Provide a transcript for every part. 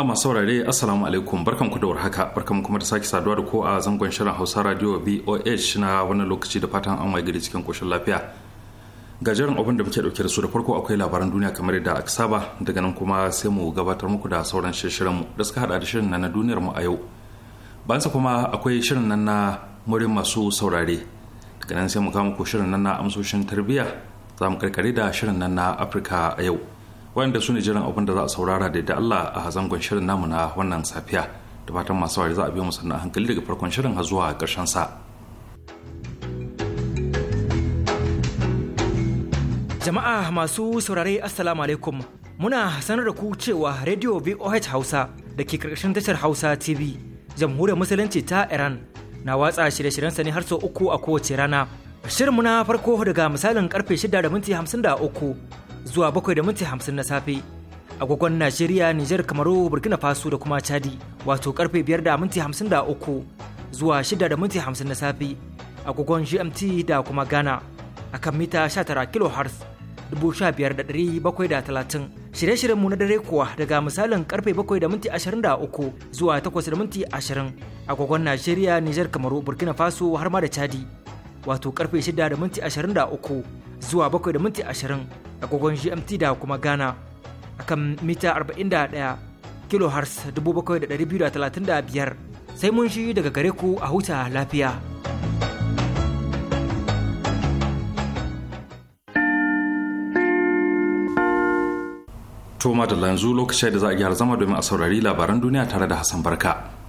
jama'a masu saurare assalamu alaikum barkan ku da warhaka barkan kuma da sake saduwa da ko a zangon shirin hausa radio voh na wannan lokaci da fatan an waye gari cikin koshin lafiya gajeren abin da muke dauke da su da farko akwai labaran duniya kamar yadda aka saba daga nan kuma sai mu gabatar muku da sauran shirin mu da suka hada da shirin na duniyar mu a yau bayan kuma akwai shirin nan na murin masu saurare daga nan sai mu kawo muku shirin nan na amsoshin tarbiyya za mu karkare da shirin nan na afirka a yau wanda su ne jiran abin da za a saurara da da Allah a hazangon shirin namu na wannan safiya da fatan masu wari za a biyo mu hankali daga farkon shirin har zuwa karshen sa. Jama'a masu saurare Assalamu alaikum muna sanar da ku cewa Radio VOH Hausa da ke karkashin tashar Hausa TV jamhuriyar musulunci ta Iran na watsa shirye shiryen sa ne har sau uku a kowace rana. Shirin muna farko daga misalin karfe 6 da minti 53 zuwa bakwai da minti hamsin na safe agogon najeriya niger kamaru burkina faso da kuma chadi wato karfe biyar da minti hamsin da uku zuwa shida da minti hamsin na safe agogon gmt da kuma ghana a kan mita 19 kilohertz dubu sha biyar da dari bakwai da talatin shirye-shiryenmu na dare kuwa daga misalin karfe bakwai da minti ashirin da uku zuwa takwas da minti ashirin agogon najeriya niger kamaru burkina faso har ma da chadi wato karfe shida da minti ashirin da uku zuwa bakwai da minti ashirin agogon gmt da kuma ghana akan mita 41 kilohertz 7,235 sai mun shi daga gare ku a huta lafiya Toma da lanzu lokacin da za a gyara zama domin a saurari labaran duniya tare da Hassan Barka.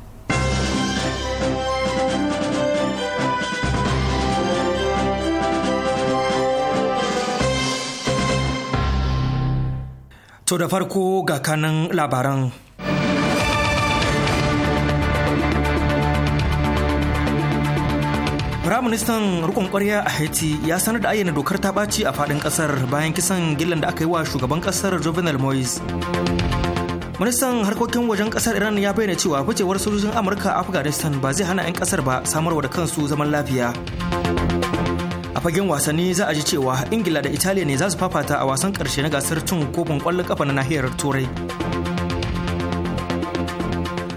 To da farko ga kanan labaran. Firaministan rukun kwarya a Haiti ya sanar da ayyana dokar ta ɓaci a faɗin ƙasar bayan kisan gillan da aka yi wa shugaban ƙasar Jovenel Moise. Ministan harkokin wajen ƙasar Iran ya bayyana cewa ficewar sojojin Amurka a Afghanistan ba zai hana 'yan ƙasar ba samarwa da kansu zaman lafiya. a fagen wasanni za a ji cewa ingila da italiya ne za su fafata a wasan karshe na gasar cin kofin kwallon kafa na nahiyar turai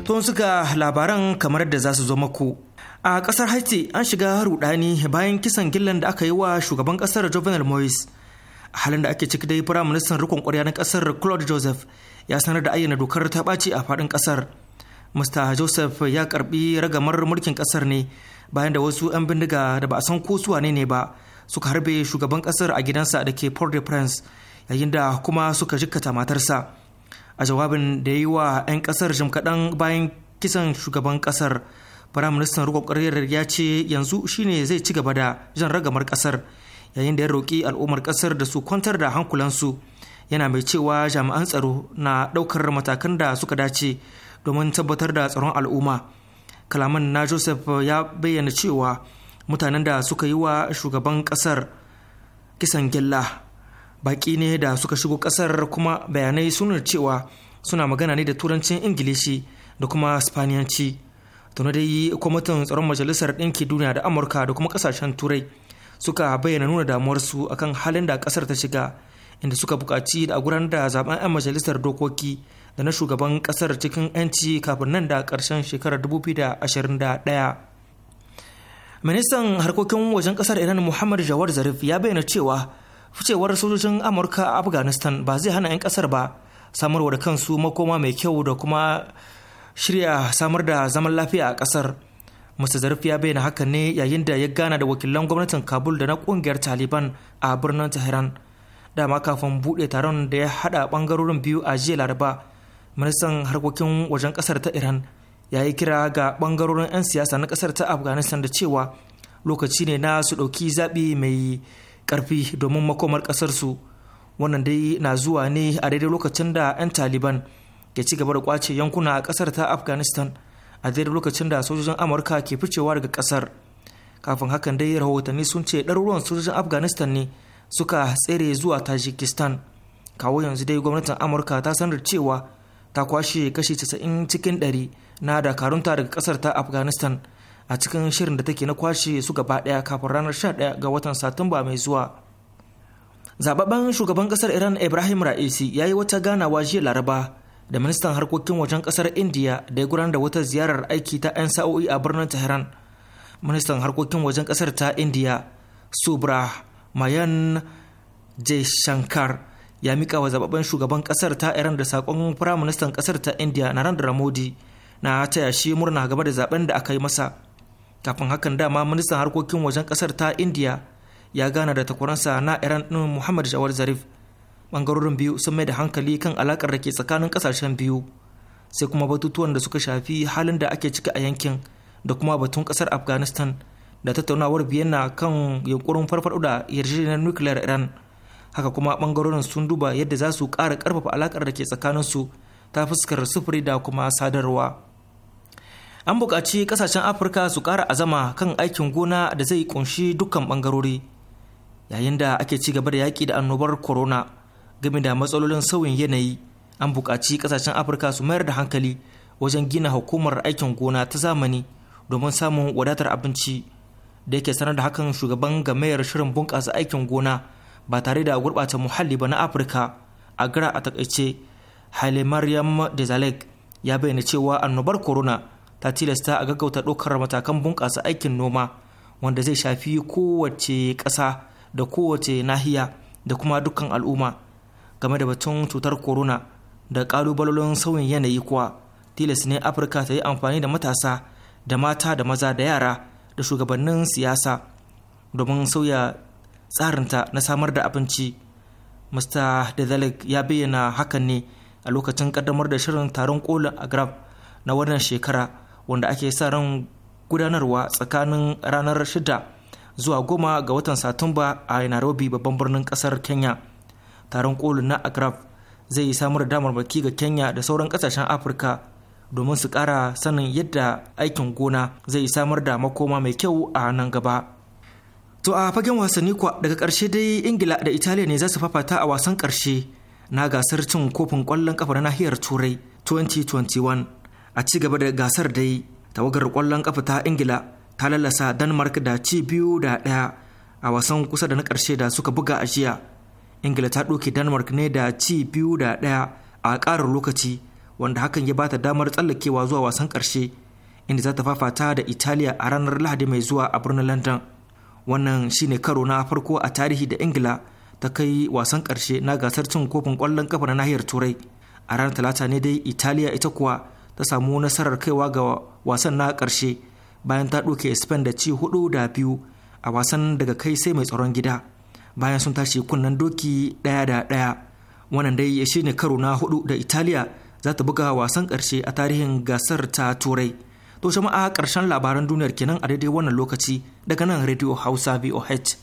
tun suka labaran kamar da za su zo maku a kasar haiti an shiga rudani bayan kisan gillan da aka yi wa shugaban kasar jovenel moise a halin da ake ciki dai firaministan rikon kwarya na kasar claude joseph ya sanar da ayyana dokar ta ɓaci a faɗin kasar mr joseph ya karbi ragamar mulkin kasar ne bayan da wasu 'yan bindiga da ba a san ko suwa ne ne ba suka harbe shugaban kasar a gidansa da ke port de prince yayin da kuma suka jikkata matarsa. A jawabin da ya yi wa 'yan kasar jim kaɗan bayan kisan shugaban kasar, Firaministan riƙon ƙaryar ya ce yanzu shine zai ci gaba da jan ragamar kasar yayin da ya roƙi al'ummar kasar da su kwantar da hankulansu yana mai cewa jami'an tsaro na ɗaukar matakan da suka dace domin tabbatar da tsaron al'umma. kalaman na joseph eh, ya bayyana cewa mutanen da suka yi wa shugaban kasar kisan gyalla baki ne da suka shigo kasar kuma bayanai sunar cewa suna magana ne da turancin ingilishi da kuma spaniyanci tuna dai kwamitin tsaron majalisar ɗinki duniya da amurka da kuma kasashen turai suka bayyana nuna damuwarsu akan halin da kasar ta shiga inda suka bukaci da a gudanar da zaben 'yan majalisar dokoki da na shugaban kasar cikin 'yanci kafin nan da karshen shekarar 2021 ministan harkokin wajen kasar iran muhammad jawar zarif ya bayyana cewa ficewar sojojin amurka a afghanistan ba zai hana 'yan kasar ba samarwa da kansu makoma mai kyau da kuma shirya samar da zaman lafiya a kasar musa zarif ya bayyana hakan ne yayin da ya gana da wakilan gwamnatin kabul da na kungiyar taliban a birnin tehran dama kafin buɗe taron da ya haɗa bangarorin biyu a jiya laraba ministan harkokin wajen kasar ta iran ya yi kira ga bangarorin 'yan siyasa na kasar ta afghanistan da cewa lokaci ne na su ɗauki zaɓi mai ƙarfi domin makomar ƙasarsu wannan dai na zuwa ne a daidai lokacin da 'yan taliban ke ci gaba da kwace yankuna a ƙasar ta afghanistan a daidai lokacin da sojojin amurka ke ficewa daga ƙasar kafin hakan dai rahotanni sun ce ɗaruruwan sojojin afghanistan ne suka tsere zuwa tajikistan kawo yanzu dai gwamnatin amurka ta sanar cewa ta kwashe kashi 90 cikin 100 na dakarunta daga kasar ta afghanistan a cikin shirin da take na kwashe su gaba daya kafin ranar 11 ga watan satumba mai zuwa zababben shugaban kasar iran ibrahim ra'isi ya yi wata ganawa jiya laraba da ministan harkokin wajen kasar india da ya gudanar da wata ziyarar aiki ta 'yan sa'o'i a birnin tehran ministan harkokin wajen kasar ta india subra mayan shankar ya mika wa zababben shugaban kasar ta Iran da sakon firaministan kasar ta India Narendra Modi na taya shi murna gaba da zaben da aka yi masa. Kafin hakan dama ministan harkokin wajen kasar ta India ya gana da takwaransa na Iran din Muhammad Jawar Zarif. Bangarorin biyu sun mai da hankali kan alakar da ke tsakanin kasashen biyu. Sai kuma batutuwan da suka shafi halin da ake ciki a yankin da kuma batun kasar Afghanistan da tattaunawar Vienna kan yunkurin farfaɗo da yarjejeniyar nukiliyar Iran. haka kuma bangarorin sun duba yadda za su kara ƙarfafa alakar da ke tsakanin su ta fuskar sufuri da kuma sadarwa an buƙaci ƙasashen afirka su ƙara azama kan aikin gona da zai kunshi dukkan bangarori yayin da ake ci gaba da yaƙi da annobar corona game da matsalolin sauyin yanayi an buƙaci ƙasashen afirka su mayar da hankali wajen gina hukumar aikin gona ta zamani domin samun wadatar abinci da yake sanar da hakan shugaban gamayar shirin bunƙasa aikin gona ba tare da gurɓata muhalli ba na afirka a gara a takaice haile mariam dezaleg ya bayyana cewa annobar corona ta tilasta a gaggauta ɗaukar matakan bunƙasa aikin noma wanda zai shafi kowace ƙasa da kowace nahiya da kuma dukkan al'umma game da batun cutar corona da ƙalubalolin sauyin yanayi kuwa tilas ne afirka ta yi amfani da matasa da mata da maza da yara da shugabannin siyasa domin sauya tsarinta na samar da abinci mr dedelic ya bayyana hakan ne a lokacin kaddamar da shirin taron kolin agrab na wannan shekara wanda ake sa ran gudanarwa tsakanin ranar 6 zuwa goma ga watan satumba a nairobi babban birnin kasar kenya taron kolin na agrab zai samar da damarmaki ga kenya da sauran kasashen afirka domin su kara sanin yadda aikin gona zai samar da makoma mai kyau a nan gaba To a fagen wasanni kuwa daga ƙarshe dai Ingila da Italiya ne za su fafata a wasan karshe na gasar cin kofin ƙwallon ƙafa na nahiyar Turai 2021. A ci gaba da gasar dai tawagar ƙwallon ƙafa ta Ingila ta lalasa Denmark da ci biyu da ɗaya a wasan kusa da na karshe da suka buga a jiya. Ingila ta ɗauke Denmark ne da ci biyu da ɗaya a ƙarin lokaci wanda hakan ya bata damar tsallakewa zuwa wasan karshe, inda za ta fafata da Italiya a ranar Lahadi mai zuwa a birnin London. wannan shine karo na farko a tarihi da ingila ta kai wasan karshe na gasar cin kofin kwallon kafa na nahiyar turai a ranar talata ne dai italiya ita kuwa ta samu nasarar kaiwa ga wasan na karshe bayan ta ɗauke spain da ci hudu da biyu a wasan daga kai sai mai tsaron gida bayan sun tashi kunnen doki ɗaya da ɗaya wannan dai ya shine karo na hudu da italiya za ta buga wasan karshe a tarihin gasar ta turai To jama'a ƙarshen labaran duniyar kenan a daidai wannan lokaci daga nan Radio Hausa VOH.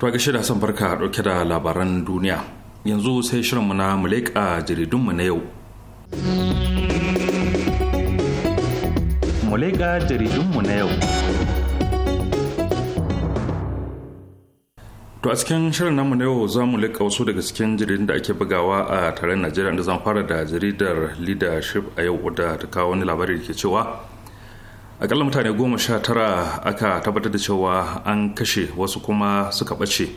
To ga shirya son barka ɗauke da labaran duniya. Yanzu sai shirinmu na Muleka jaridunmu na yau. Muleka jaridunmu na yau. to a cikin shirin namu na yau za mu leƙa wasu daga cikin jaridun da ake bugawa a tare najeriya da zan fara da jaridar leadership a yau da ta kawo wani labari da ke cewa akalla mutane goma sha tara aka tabbatar da cewa an kashe wasu kuma suka ɓace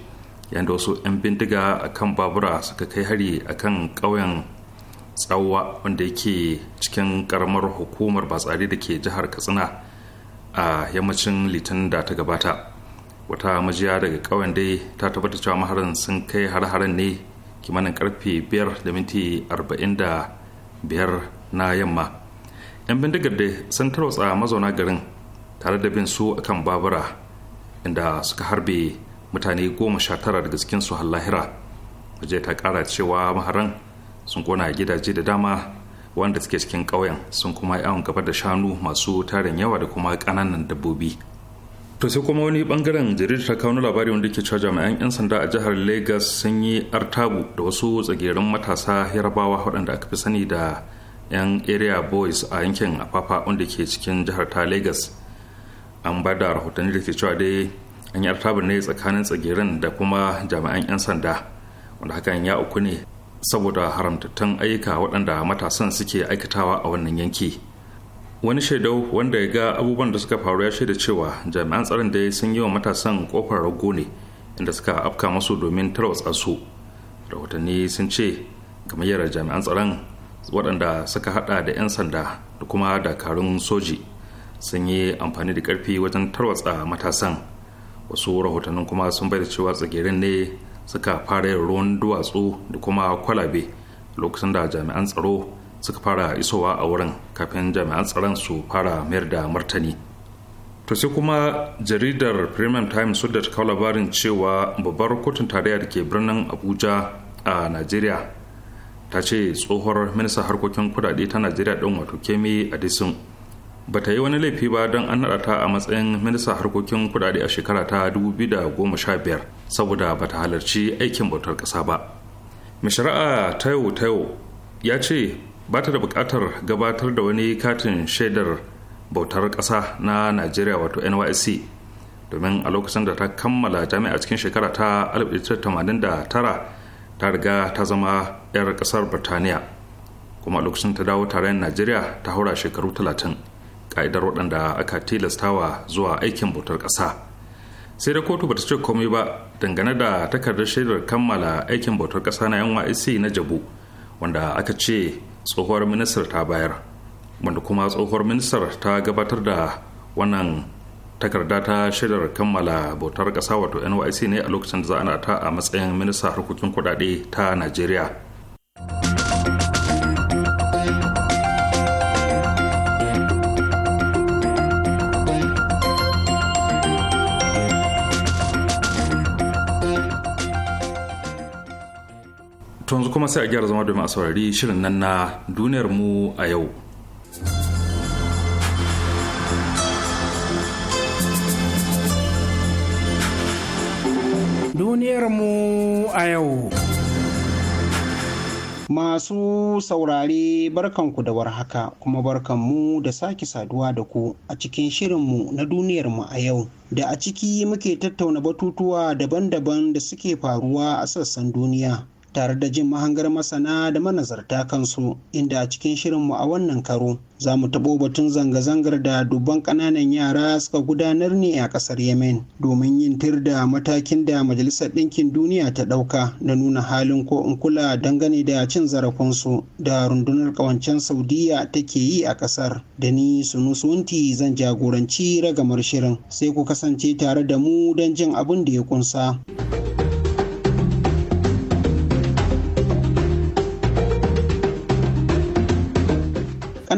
yadda wasu 'yan bindiga a kan babura suka kai hari a kan ƙauyen tsawa wanda yake cikin ƙaramar hukumar batsari da ke jihar katsina a yammacin litinin da ta gabata wata majiya daga ƙauyen dai ta tabbata cewa maharan sun kai har-haren ne kimanin karfe 5 da minti 45 na yamma yan bindigar da sun tarwatsa mazauna garin tare da bin su akan babura inda suka harbe mutane goma sha tara daga cikin su lahira waje ta kara cewa maharan sun kona gidaje da dama wanda suke cikin ƙauyen sun kuma yawon gaba da shanu masu tarin yawa da kuma ƙananan dabbobi to sai kuma wani bangaren jaridar ta kawo labari wanda ke cewa jami'an 'yan sanda a jihar lagos sun yi artabu da wasu tsagerin matasa yarabawa waɗanda aka fi sani da 'yan area boys a yankin afafa wanda ke cikin jihar ta lagos an ba da rahotanni da ke cewa dai an yi artabu ne tsakanin tsagerin da kuma jami'an 'yan sanda wanda hakan ya uku ne saboda haramtattun ayyuka waɗanda matasan suke aikatawa a wannan yanki. wani shaidau wanda ya ga abubuwan da suka faru ya shaida cewa jami'an tsaron da sun yi wa matasan kofar rago ne inda suka afka masu domin tarwatsa su rahotanni sun ce gamayyar jami'an tsaron waɗanda suka hada da 'yan sanda da kuma dakarun soji sun yi amfani da karfi wajen tarwatsa matasan wasu rahotannin kuma sun bai da cewa tsagerin ne suka fara yin ruwan duwatsu da kuma kwalabe lokacin da jami'an tsaro suka fara isowa a wurin kafin jami'an tsaron su fara mayar da martani to sai kuma jaridar premium times sun da ta kawo labarin cewa babbar kotun tarayya da ke birnin abuja a najeriya ta ce tsohuwar ministan harkokin kudade ta najeriya ɗin wato kemi adisun ba ta yi wani laifi ba don an naɗa ta a matsayin ministan harkokin kudade a shekara ta 2015 saboda ba ta halarci aikin bautar ƙasa ba mai shari'a tayo tayo ya ce ba ta da bukatar gabatar da wani katin shaidar bautar ƙasa na najeriya wato nysc domin a lokacin da ta kammala jami'a cikin shekara ta 1989 ta riga ta zama 'yar ƙasar birtaniya kuma a lokacin ta dawo tarayyar najeriya ta haura shekaru 30 ka'idar waɗanda aka tilastawa zuwa aikin bautar ƙasa sai da kotu ba ta ce komai ba dangane da takardar shaidar kammala aikin bautar ƙasa na nysc na jabu wanda aka ce tsohuwar ministar ta bayar wanda kuma tsohuwar ministar ta gabatar da wannan takarda ta shaidar kammala bautar kasa wato nyc ne a lokacin da za'ana ta a matsayin ministan harkokin kudade ta najeriya To yanzu kuma sai a gyara zama domin a saurari shirin nan na duniyar mu a yau. Duniyar mu a yau. Masu saurare barkanku da warhaka kuma barkanmu da sake saduwa da ku a cikin shirin mu na duniyarmu a yau. Da a ciki muke tattauna batutuwa daban-daban da suke faruwa a sassan duniya tare da jin mahangar masana da manazarta kansu inda a cikin shirinmu a wannan karo za mu taɓo batun zanga-zangar da dubban ƙananan yara suka gudanar ne a ƙasar yemen domin yin tir da matakin da majalisar ɗinkin duniya ta ɗauka da nuna halin ko in kula dangane da cin zarafinsu da rundunar ƙawancen saudiya take yi a ƙasar da ni su sunusunti zan jagoranci ragamar shirin sai ku kasance tare da mu don jin abin da ya ƙunsa.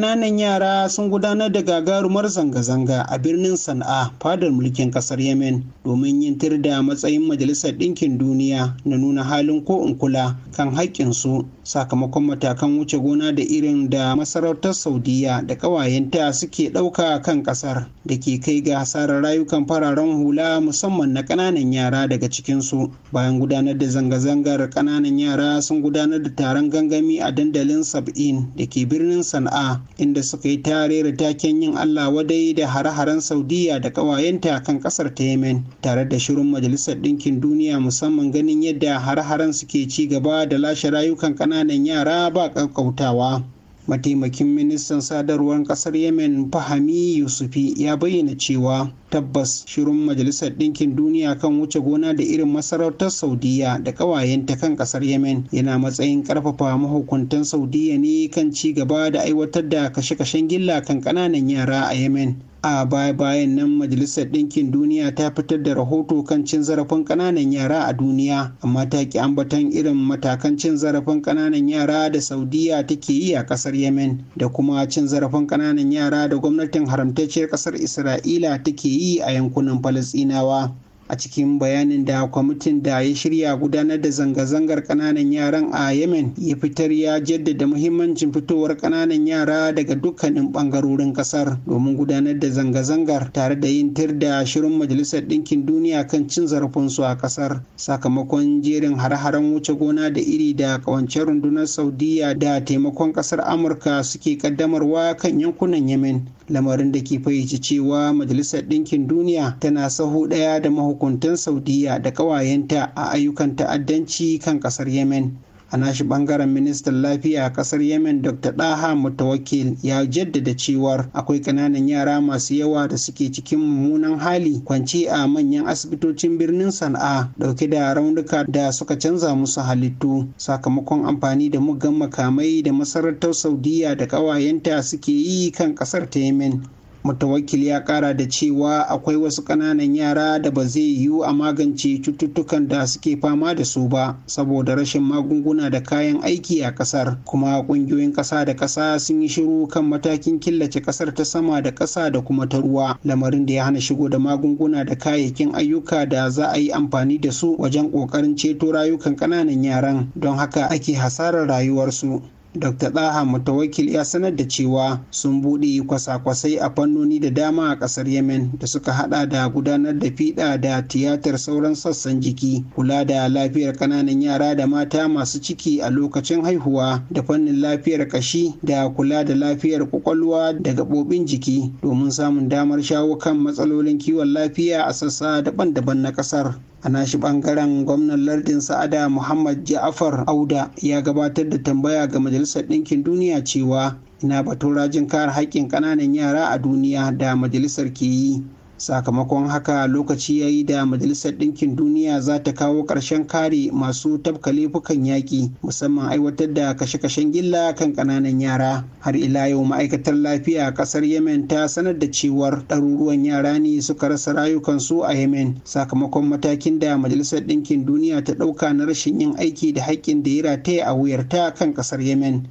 ƙananan yara sun gudanar da gagarumar zanga-zanga a birnin Sana'a fadar mulkin ƙasar Yemen domin yin tirda da matsayin Majalisar Ɗinkin Duniya na nuna halin ko in kula kan haƙƙinsu sakamakon matakan wuce gona da irin da masarautar saudiya da kawayenta suke ɗauka kan ƙasar da ke kai ga hasarar rayukan fararen hula musamman na ƙananan yara daga cikinsu bayan gudanar da zanga-zangar ƙananan yara sun gudanar da taron gangami a dandalin sab'in da ke birnin sana'a inda suka yi tare da taken yin allah wadai da hare-haren saudiya da ƙawayenta kan ƙasar ta yemen tare da shirin majalisar ɗinkin duniya musamman ganin yadda hare-haren suke ci gaba da lashe rayukan ƙananan ƙananan yara ba ƙaƙƙautawa mataimakin ministan sadarwar kasar yemen fahami yusufi ya bayyana cewa tabbas shirin majalisar ɗinkin duniya kan wuce gona da irin masarautar saudiya da ƙawayenta kan ƙasar yemen yana matsayin ƙarfafa mahukuntan saudiya ne kan ci gaba da aiwatar da kashe-kashen gilla kan ƙananan yara a yemen a baya-bayan nan majalisar ɗinkin duniya ta fitar da rahoto kan cin zarafin ƙananan yara a duniya amma ta ki ambaton irin matakan cin zarafin ƙananan yara da saudiya take yi a ƙasar yemen da kuma cin zarafin ƙananan yara da gwamnatin haramtacciyar ƙasar isra'ila take yi a yankunan falasɗinawa a cikin bayanin da kwamitin da ya shirya gudanar da zanga-zangar kananan yaran a yemen ya fitar ya jaddada muhimmancin fitowar kananan yara daga dukkanin bangarorin kasar domin gudanar da zanga-zangar tare da yin tir da shirin majalisar ɗinkin duniya kan cin zarafinsu a kasar sakamakon jerin har-haren wuce gona da iri da kawancen rundunar saudiya da taimakon kasar amurka suke kaddamarwa kan yankunan yemen lamarin da ke fayyace cewa majalisar ɗinkin duniya tana sahu ɗaya da mahukuntan saudiya da ƙawayenta a ayyukan ta'addanci kan ƙasar yemen a nashi bangaren ministan lafiya a kasar yemen dr daha mutawakil ya jaddada cewar akwai kananan yara masu yawa da suke cikin mummunan hali kwanci a manyan asibitocin birnin sana'a dauke da raunuka da suka canza musu halittu sakamakon amfani da muggan makamai da masarautar saudiya da ƙawayenta suke yi kan kasar ta yemen Matawakil ya kara da cewa akwai wasu ƙananan yara da ba zai yiwu a magance cututtukan da suke fama da su ba saboda rashin magunguna da kayan aiki a ƙasar kuma ƙungiyoyin ƙasa da ƙasa sun yi shiru kan matakin killace ƙasar ta sama da ƙasa da kuma ta ruwa lamarin da ya hana shigo da magunguna da kayayyakin ayyuka da za a yi amfani da su wajen ƙoƙarin ceto rayukan ƙananan yaran don haka ake hasarar rayuwarsu dr daha mutawakil ya sanar da cewa sun buɗe kwasa-kwasai a fannoni da dama a ƙasar yemen da suka hada da gudanar da fiɗa da tiyatar sauran sassan jiki kula da lafiyar ƙananan yara da mata masu ciki a lokacin haihuwa da fannin lafiyar ƙashi da kula da lafiyar ƙwaƙwalwa da gaɓoɓin jiki domin samun damar shawo kan matsalolin kiwon lafiya a sassa daban-daban na ƙasar a nashi bangaren gwamnan lardin sa'ada muhammad ja'afar auda ya gabatar da tambaya ga majalisar ɗinkin duniya cewa ina batun rajin kare haƙƙin ƙananan yara a duniya da majalisar ke yi sakamakon haka lokaci ya yi da majalisar ɗinkin duniya za ta kawo ƙarshen kare masu tabka laifukan yaƙi musamman aiwatar da kashe-kashen gilla kan ƙananan yara har ila yau ma'aikatar lafiya ƙasar yemen ta sanar da cewar ɗaruruwan yara ne suka rasa rayukansu a yemen sakamakon matakin da majalisar ɗinkin duniya ta ɗauka na rashin yin aiki da haƙƙin da ya rataya a wuyarta kan ƙasar yemen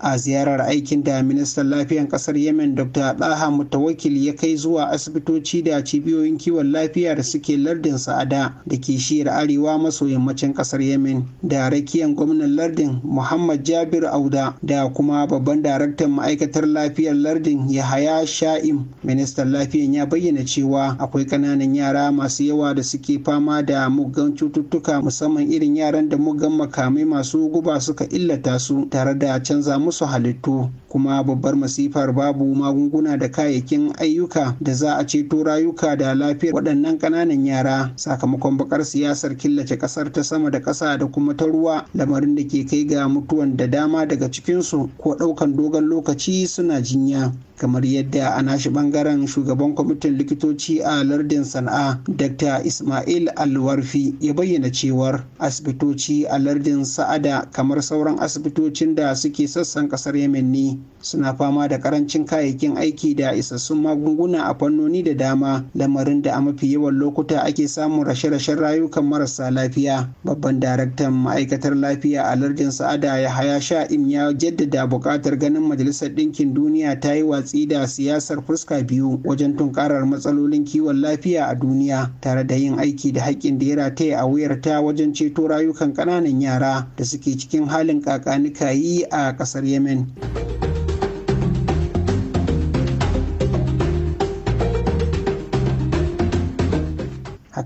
a ziyarar aikin da ministan lafiyan kasar yemen dr daha mutawakil ya kai zuwa asibitoci da cibiyoyin kiwon lafiya da suke lardin sa'ada da ke shiyar arewa maso yammacin kasar yemen da rakiyan gwamnan lardin muhammad jabir auda da kuma babban daraktan ma'aikatar lafiyar lardin yahaya sha'im ministan lafiyan ya bayyana cewa akwai kananan yara masu yawa da suke fama da muggan cututtuka musamman irin yaran da muggan makamai masu guba suka illata su tare da canza musu halittu kuma babbar masifar babu magunguna da kayayyakin ayyuka da za a ceto rayuka da lafiyar waɗannan ƙananan yara sakamakon bakar siyasar killace ƙasar ta sama da ƙasa da kuma ta ruwa lamarin da ke kai ga mutuwan da dama daga cikinsu ko ɗaukan dogon lokaci suna jinya kamar yadda a nashi bangaren shugaban kwamitin likitoci a lardin sana'a dr ismail alwarfi ya bayyana cewar asibitoci a lardin sa'ada kamar sauran asibitocin da suke sassan kasar yemen ne suna fama da karancin kayayyakin aiki da isassun magunguna a fannoni da dama lamarin da a mafi yawan lokuta ake samun rashe-rashen rayukan marasa lafiya babban daraktan ma'aikatar lafiya a lardin sa'ada ya haya sha'im ya jaddada buƙatar ganin majalisar ɗinkin duniya ta yi watsi da siyasar fuska biyu wajen tunkarar matsalolin kiwon lafiya a duniya tare da yin aiki da haƙƙin da ya rataya a wuyarta wajen ceto rayukan ƙananan yara da suke cikin halin kakanikayi a ƙasar yemen.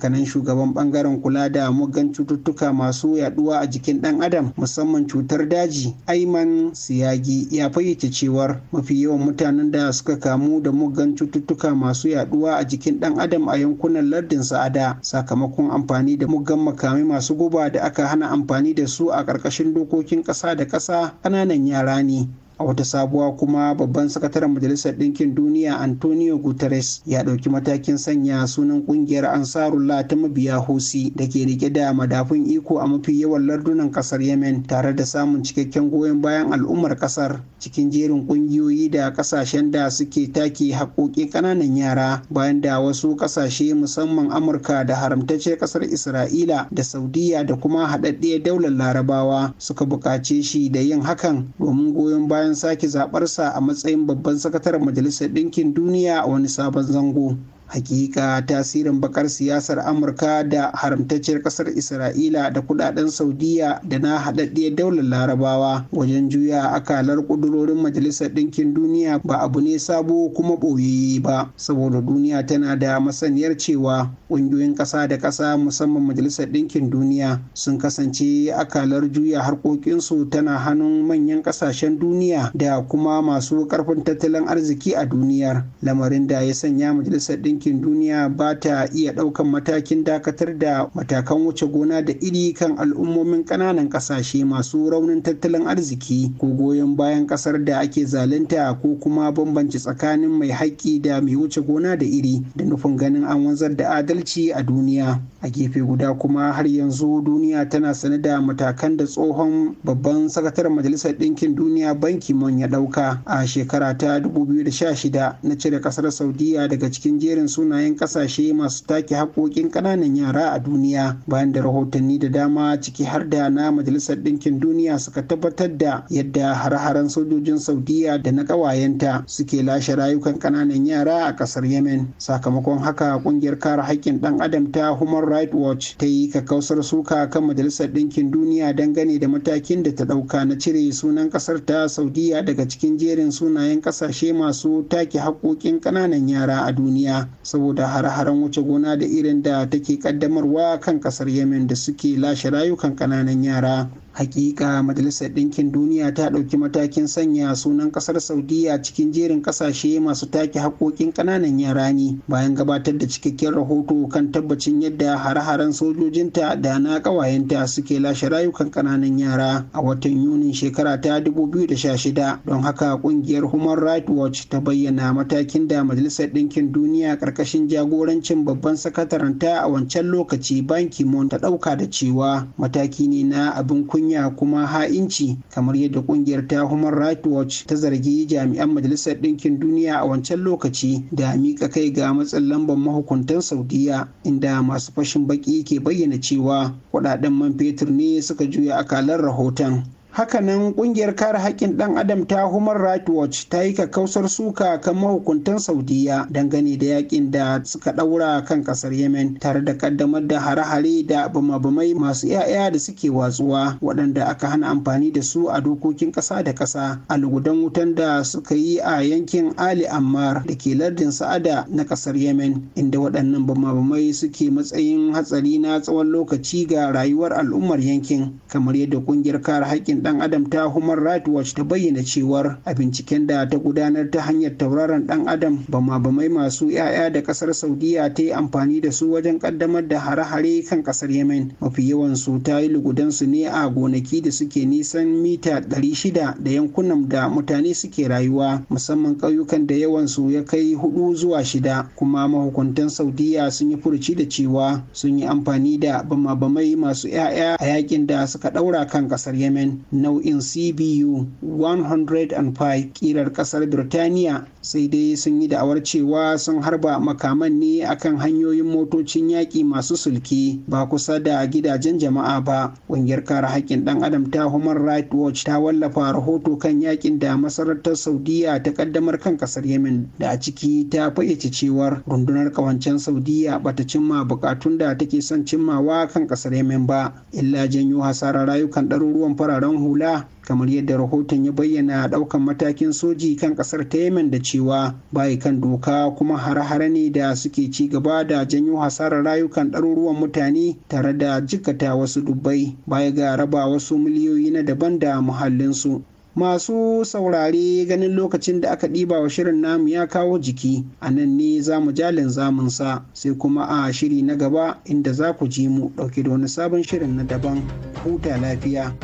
hakanan shugaban bangaren kula da muggan cututtuka masu yaduwa a jikin dan adam musamman cutar daji aiman siyagi ya fayyace cewar mafi yawan mutanen da suka kamu da muggan cututtuka masu yaduwa a jikin dan adam a yankunan lardin sa'ada sakamakon amfani da muggan makamai masu guba da aka hana amfani da su a ƙarƙashin dokokin ƙasa da ƙasa ƙananan yara ne a wata sabuwa kuma babban sakataren majalisar ɗinkin duniya antonio guterres ya ɗauki matakin sanya sunan ƙungiyar ansarullah ta mabiya hosi da ke rike da madafun iko a mafi yawan lardunan ƙasar yemen tare da samun cikakken goyon bayan al'ummar ƙasar cikin jerin ƙungiyoyi da ƙasashen da suke take haƙoƙin ƙananan yara bayan da wasu ƙasashe musamman amurka da haramtaccen ƙasar isra'ila da saudiya da kuma haɗaɗɗiyar daular larabawa suka buƙace shi da yin hakan domin goyon bayan bayan sake zabarsa a matsayin babban sakataren majalisar ɗinkin duniya a wani sabon zango hakika tasirin bakar siyasar amurka da haramtacciyar kasar isra'ila da kudaden saudiya da na haɗaɗɗiyar daular larabawa wajen juya akalar kudurorin majalisar ɗinkin duniya ba abu ne sabo kuma ɓoyayye ba saboda duniya tana da masaniyar cewa ƙungiyoyin ƙasa da ƙasa musamman majalisar ɗinkin duniya sun kasance akalar juya harkokinsu tana hannun manyan ƙasashen duniya da kuma masu ƙarfin tattalin arziki a duniyar lamarin da ya sanya majalisar ɗinkin ɗinkin duniya ba ta iya ɗaukan matakin dakatar da matakan wuce gona da iri kan al'ummomin ƙananan ƙasashe masu raunin tattalin arziki ko goyon bayan ƙasar da ake zalunta ko kuma bambanci tsakanin mai haƙƙi da mai wuce gona da iri da nufin ganin an wanzar da adalci a duniya a gefe guda kuma har yanzu duniya tana sane da matakan da tsohon babban sakataren majalisar ɗinkin duniya banki mon ya ɗauka a shekara ta 2016 na cire ƙasar saudiya daga cikin jerin sunayen kasashe masu take haƙoƙin ƙananan yara a duniya bayan da rahotanni da dama ciki har da na majalisar ɗinkin duniya suka tabbatar da yadda har-haren sojojin saudiya da na ƙawayenta suke lashe rayukan ƙananan yara a ƙasar yemen sakamakon haka ƙungiyar kare haƙƙin ɗan adam ta human rights watch ta yi kakkausar suka kan majalisar ɗinkin duniya dangane da matakin da ta ɗauka na cire sunan ƙasar ta saudiya daga cikin jerin sunayen ƙasashe masu take haƙoƙin ƙananan yara a duniya saboda har-haren wuce gona da irin da take kaddamarwa kan kasar yemen da suke lashe rayukan kananan yara hakika majalisar ɗinkin duniya ta ɗauki matakin sanya sunan ƙasar saudiya cikin jerin ƙasashe masu take haƙoƙin ƙananan yara ne bayan gabatar da cikakken rahoto kan tabbacin yadda hare-haren sojojinta da na ƙawayenta suke lashe rayukan ƙananan yara a watan yunin shekara ta 2016 don haka ƙungiyar human rights watch ta bayyana matakin da majalisar ɗinkin duniya ƙarƙashin jagorancin babban sakataranta a wancan lokaci ban kimon ta ɗauka da cewa mataki ne na abin kunya kunya kuma ha'inci kamar yadda kungiyar ta human rights watch ta zargi jami'an majalisar ɗinkin duniya a wancan lokaci da miƙa kai ga matsin lambar mahukuntan saudiya inda masu fashin baki ke bayyana cewa kuɗaɗen man fetur ne suka juya akalar rahoton hakanan kungiyar kare haƙƙin ɗan adam ta human rights watch ta yi kakkausar suka kan mahukuntan saudiya dangane da yakin da suka ɗaura kan ƙasar yemen tare da kaddamar da hare-hare da bamabamai masu yaya da suke watsuwa waɗanda aka hana amfani da su a dokokin ƙasa da ƙasa a lugudan wutan da suka yi a yankin ali ammar da ke lardin sa'ada na ƙasar yemen inda waɗannan bamabamai suke matsayin hatsari na tsawon lokaci ga rayuwar al'ummar yankin kamar yadda kungiyar kare haƙƙin ɗan adam ta human rights watch ta bayyana cewar a binciken da ta gudanar ta hanyar tauraron ɗan adam bama-bamai masu 'ya'ya da ƙasar saudiya ta yi amfani da su wajen ƙaddamar da hare-hare kan ƙasar yemen mafi yawan su ta yi lugudansu ne a gonaki da suke nisan mita 600 da yankunan da mutane suke rayuwa musamman ƙauyukan da yawan su ya kai hudu zuwa shida kuma mahukuntan saudiya sun yi furuci da cewa sun yi amfani da bama-bamai masu 'ya'ya a yakin da suka ɗaura kan ƙasar yemen nau'in cbu 105 kirar kasar birtaniya sai dai sun yi da'awar cewa sun harba makaman ne akan hanyoyin motocin yaƙi masu sulki ba kusa da gidajen jama'a ba ƙungiyar kare haƙƙin ɗan adam ta human rights watch ta wallafa rahoto kan yaƙin da masarautar saudiya ta ƙaddamar kan ƙasar yemen da a ciki ta fayyace cewar rundunar ƙawancen saudiya ta cimma buƙatun da take son cimmawa kan ƙasar yemen ba illa janyo hasarar rayukan ɗaruruwan fararen hula kamar yadda rahoton ya bayyana a ɗaukan matakin soji kan ƙasar ta yemen da cewa bayi kan doka kuma har hare ne da suke ci gaba da janyo hasarar rayukan ɗaruruwan mutane tare da jikata wasu dubbai baya ga raba wasu miliyoyi na daban da muhallinsu masu saurare ganin lokacin da aka ɗiba wa shirin namu ya kawo jiki a nan ne za mu jalin zamunsa sai kuma a shiri na gaba inda za ku ji mu ɗauke da wani sabon shirin na daban huta lafiya.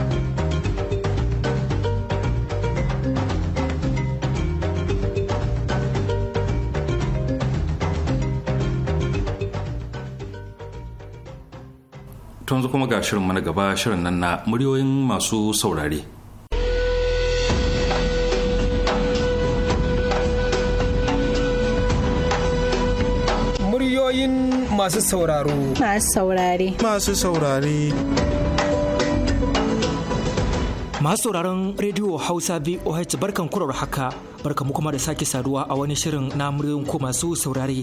tun kuma ga shirin mana gaba shirin nan na muryoyin masu saurare muryoyin masu sauraro masu saurare masu saurare masu sauraron rediyo hausa voh barkan kurar haka barkan kuma da sake saduwa a wani shirin na muryoyin ko masu saurare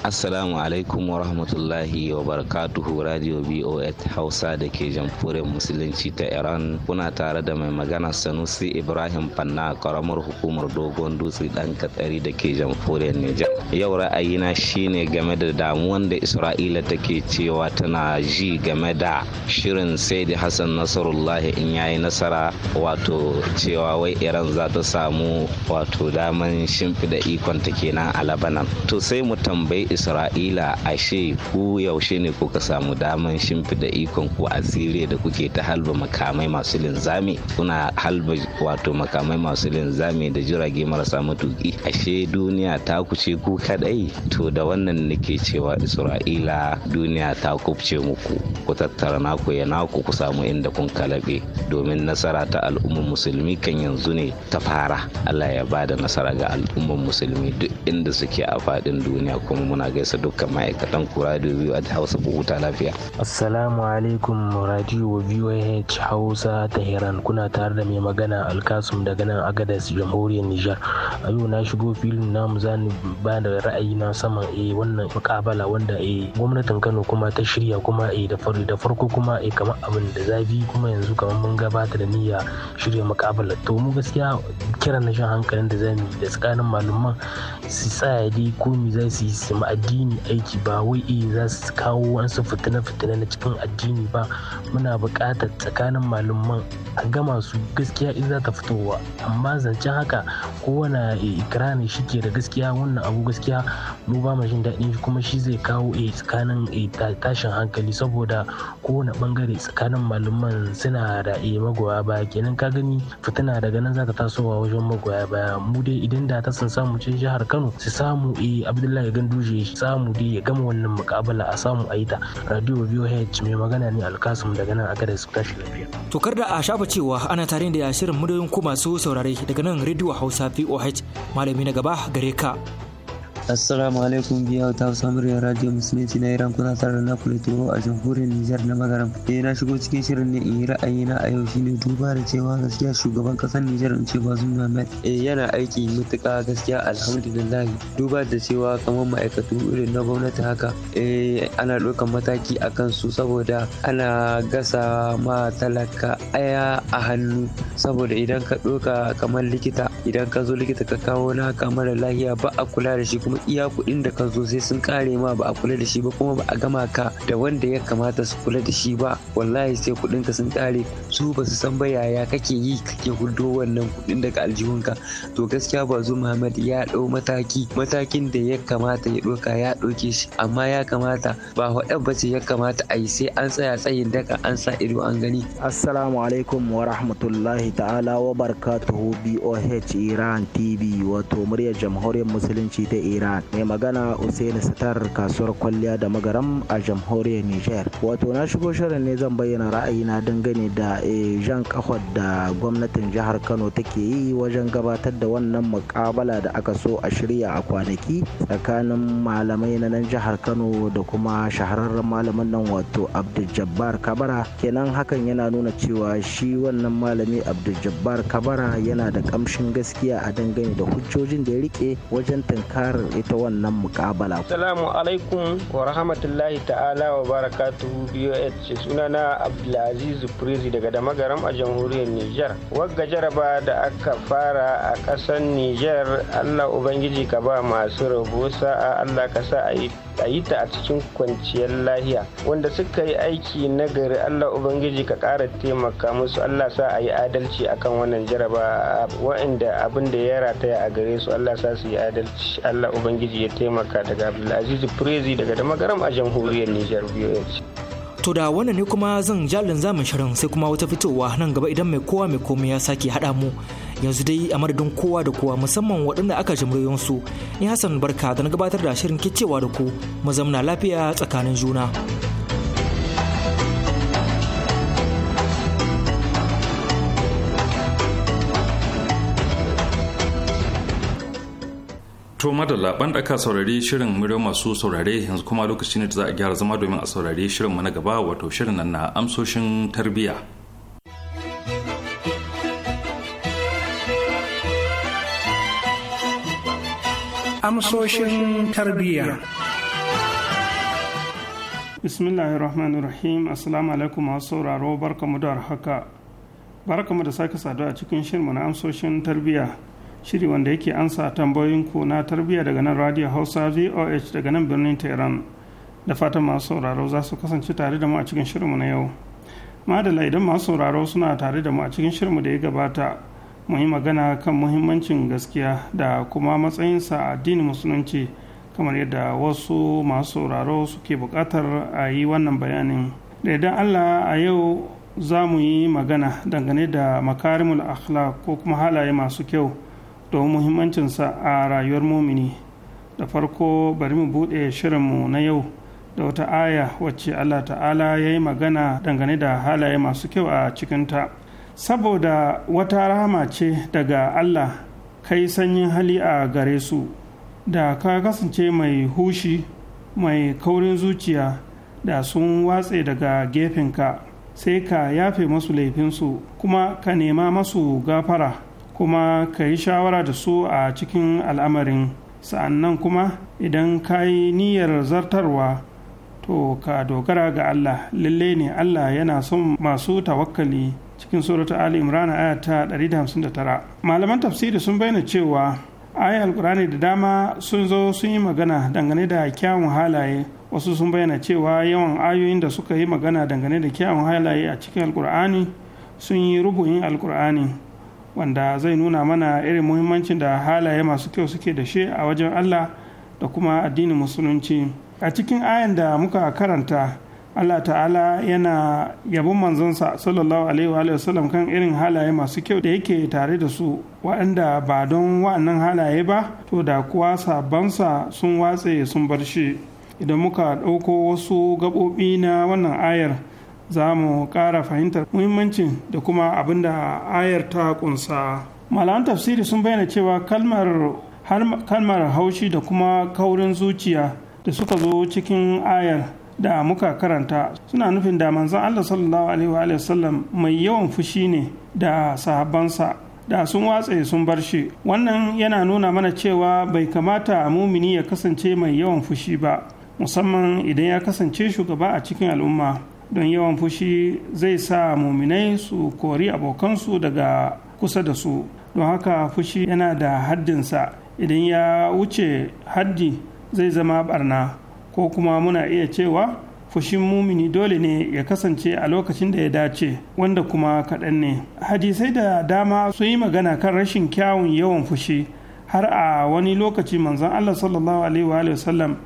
Assalamu alaikum wa rahmatullahi wa barakatuhu Radio BOS Hausa da ke jamhuriyar Musulunci ta Iran kuna tare da mai magana Sanusi Ibrahim Fanna karamar hukumar Dogon Dutse ɗan Katsari da ke jamhuriyar Nijar. Yau ra'ayina shine game da damuwan da Isra'ila take cewa tana ji game da shirin Saidi Hassan Nasarullah in yayi nasara wato cewa wai Iran za ta samu wato daman shimfida ikon ta kenan a Labanan. To sai mu tambayi isra'ila ashe ku yaushe ne kuka samu daman shimfida ikon ku a siriya da kuke ta halba makamai masu linzami kuna halba wato makamai masu linzami da jirage marasa matuki ashe duniya ta kuce ku kadai to da wannan nake cewa isra'ila duniya ta kubce muku ku tattara naku ya naku ku samu inda kun kalabe domin nasara ta al'ummar musulmi kan yanzu ne ta fara allah ya bada nasara ga al'ummar musulmi duk inda suke a faɗin duniya kuma muna gaisa dukkan ma'aikatan kura da biyu a hausa ku huta lafiya assalamu alaikum radio voh hausa ta Hiran kuna tare da mai magana alkasum daga nan Agadez jamhuriyar nijar a yau na shigo filin namu zani ba da ra'ayi na saman eh wannan mukabala wanda eh gwamnatin kano kuma ta shirya kuma eh da farko kuma eh kamar abin da zafi kuma yanzu kamar mun gabata da niyya shirya mukabala to mu gaskiya kiran na shan hankalin da zamu da tsakanin malaman su tsaya dai komi za su yi su addini aiki ba wai eh za su kawo wasu fitina-fitina na cikin addini ba muna buƙatar tsakanin malaman a gama su gaskiya in za ta fitowa amma zancen haka kowane eh, ikirarin shi ke da gaskiya wannan abu gaskiya mu ba mu jin daɗin kuma shi zai kawo eh tsakanin eh, tashin hankali saboda kowane bangare tsakanin malaman suna da eh magoya baya kenan ka gani fitina daga nan za ta tasowa wajen magoya baya mu dai idan da ta san samu cin jihar Kano su samu eh Abdullahi Ganduje samu dai ya gama wannan mukabala a samu a yi ta radio VOH mai magana ne alkasum daga nan aka da su tashi lafiya. To kar da a shafa cewa ana tare da shirin muryoyin ku masu saurare daga nan radio Hausa VOH malami na gaba gare ka. Assalamu alaikum biya ta Hausa Radio Musulunci na Iran kuna tare na kula turo a jamhuriyar Nijar na Magaram. Eh na shigo cikin shirin ne in yi ra'ayi na a yau shine duba da cewa gaskiya shugaban kasar Nijar in ce Bazoum Ahmed eh yana aiki mutuka gaskiya alhamdulillah duba da cewa kamar ma'aikatu irin na gwamnati haka eh ana ɗaukar mataki a kansu saboda ana gasa ma talaka aya a hannu saboda idan ka ɗauka kamar likita idan ka zo likita ka kawo na kamar lahiya ba a kula da shi kuma iya kuɗin da ka zo sai sun kare ma ba a kula da shi ba kuma ba a gama ka da wanda ya kamata su kula da shi ba wallahi sai kuɗin ka sun kare su ba su san ba yaya kake yi kake hudo wannan kuɗin daga aljihunka to gaskiya ba zo muhammad ya ɗau mataki matakin da ya kamata ya ɗauka ya ɗauke shi amma ya kamata ba faɗa ba ce ya kamata a yi sai an tsaya tsayin daka an sa ido an gani assalamu alaikum wa rahmatullahi ta'ala wa barakatuhu boh iran tv wato muryar jamhuriyar musulunci ta iran iran mai magana usaini sitar kasuwar kwalliya da magaram a jamhuriyar niger wato na shigo shirin ne zan bayyana ra'ayi na dangane da eh, jan kafar da gwamnatin jihar kano take yi wajen gabatar da wannan mukabala da aka so a shirya a kwanaki tsakanin malamai na nan jihar kano da kuma shahararren malamin nan wato abdul kabara kenan hakan yana nuna cewa shi wannan malami abdul kabara yana da kamshin gaskiya a dangane da hujjojin da ya rike wajen tankarar ita wannan mukabala. Salamu alaikum wa rahmatullahi ta'ala wa barakatuhu BOH sunana Abdulaziz Prezi daga Damagaram a jamhuriyar Nijar. Wagga jaraba da aka fara a ƙasar Nijar Allah Ubangiji ka ba masu rabo sa'a Allah ka sa a yi ta a cikin kwanciyar lahiya wanda suka yi aiki na gari Allah Ubangiji ka ƙara taimaka musu Allah sa a yi adalci akan wannan jaraba wa'inda abin da ya rataya a gare su Allah sa su yi adalci Allah ubangiji ya taimaka daga abdulaziz prezi daga da magaram a jamhuriyar nijar voh to da wannan ne kuma zan jalin zamin shirin sai kuma wata fitowa nan gaba idan mai kowa mai komai ya sake haɗa mu yanzu dai a madadin kowa da kowa musamman waɗanda aka jimriyon su ni hassan barka da na gabatar da shirin kicewa da ku mu zamna lafiya tsakanin juna. To madalla ban da ka saurari shirin muryar masu saurare yanzu kuma lokaci ne da za a gyara zama domin a saurari shirin mu na gaba wato shirin nan na amsoshin tarbiyya. Amsoshin tarbiyya. Rahim Assalamu alaikum masu sauraro barkamu da haka. Barkamu da sake saduwa a cikin shirin na amsoshin tarbiyya. shiri wanda yake ansa tambayoyin ku na tarbiyya daga nan radio hausa voh daga nan birnin tehran da fatan masu sauraro za su kasance tare da mu a cikin shirinmu na yau madala idan masu sauraro suna tare da mu a cikin shirinmu da ya gabata mu yi magana kan muhimmancin gaskiya da kuma matsayinsa a addinin musulunci kamar yadda wasu masu sauraro suke buƙatar a yi wannan bayanin da idan allah a yau za mu yi magana dangane da makarimul akhlaq ko kuma halaye masu kyau don muhimmancinsa a rayuwar mumini da farko bari mu buɗe mu na yau da wata aya wacce allah ta'ala ya yi magana dangane da halaye masu kyau a cikinta saboda wata rahama ce daga allah kai sanyin hali a gare su da ka kasance mai hushi mai kaurin zuciya da sun watse daga gefenka sai ka yafe masu laifinsu kuma ka nema masu gafara kuma ka yi shawara da su a cikin al'amarin sa'annan kuma idan ka yi niyyar zartarwa to ka dogara ga Allah lalle ne Allah yana son masu tawakkali cikin surata Ali Imran aya ta 159 malaman tafsiri sun bayyana cewa ayi alkurani da dama sun zo sun yi magana dangane da kyawun halaye wasu sun bayyana cewa yawan ayoyin da suka yi magana dangane da kyawun halaye a cikin alkur'ani sun yi rubuyin alkur'ani wanda zai nuna mana irin muhimmancin da halaye masu kyau suke da shi a wajen Allah da kuma addinin musulunci a cikin ayan da muka karanta Allah ta'ala yana yabon manzonsa sallallahu alaihi wa sallam kan irin halaye masu kyau da yake tare da su waɗanda ba don wa'annan halaye ba to da kuwa sabansa sun watse sun bar shi idan muka ɗauko wasu gaɓoɓi na wannan ayar za mu ƙara fahimtar muhimmancin da kuma abin da ayar ta ƙunsa malaman tafsiri sun bayyana cewa kalmar haushi da kuma kaurin zuciya da suka zo cikin ayar da muka karanta suna nufin da manzan Allah sallallahu alaihi wa sallam mai yawan fushi ne da sahabansa, da sun watse sun bar shi wannan yana nuna mana cewa bai kamata a mumini ya kasance mai yawan fushi ba musamman idan ya kasance shugaba a cikin al'umma don yawan fushi zai sa muminai su kori abokansu daga kusa da su don haka fushi yana da haddinsa idan ya wuce haddi zai zama barna ko kuma muna iya cewa fushin mumini dole ne ya kasance a lokacin da ya dace wanda kuma kaɗan ne hadisai da dama sun yi magana kan rashin kyawun yawan fushi har a wani lokaci manzon allah sallallahu alaihi wa sallam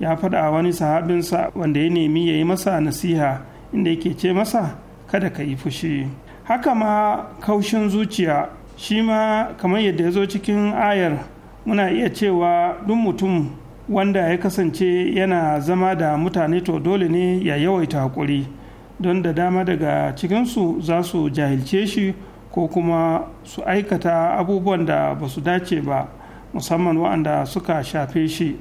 ya faɗa wani sahabinsa wanda ya nemi ya yi masa nasiha inda yake ce masa kada ka yi fushi haka ma kaushin zuciya shi ma kamar yadda ya zo cikin ayar muna iya cewa duk mutum wanda ya kasance yana zama da mutane to dole ne ya yawaita haƙuri don da dama daga cikinsu za su jahilce shi ko kuma su aikata abubuwan da ba su dace ba musamman waɗanda suka shafe shi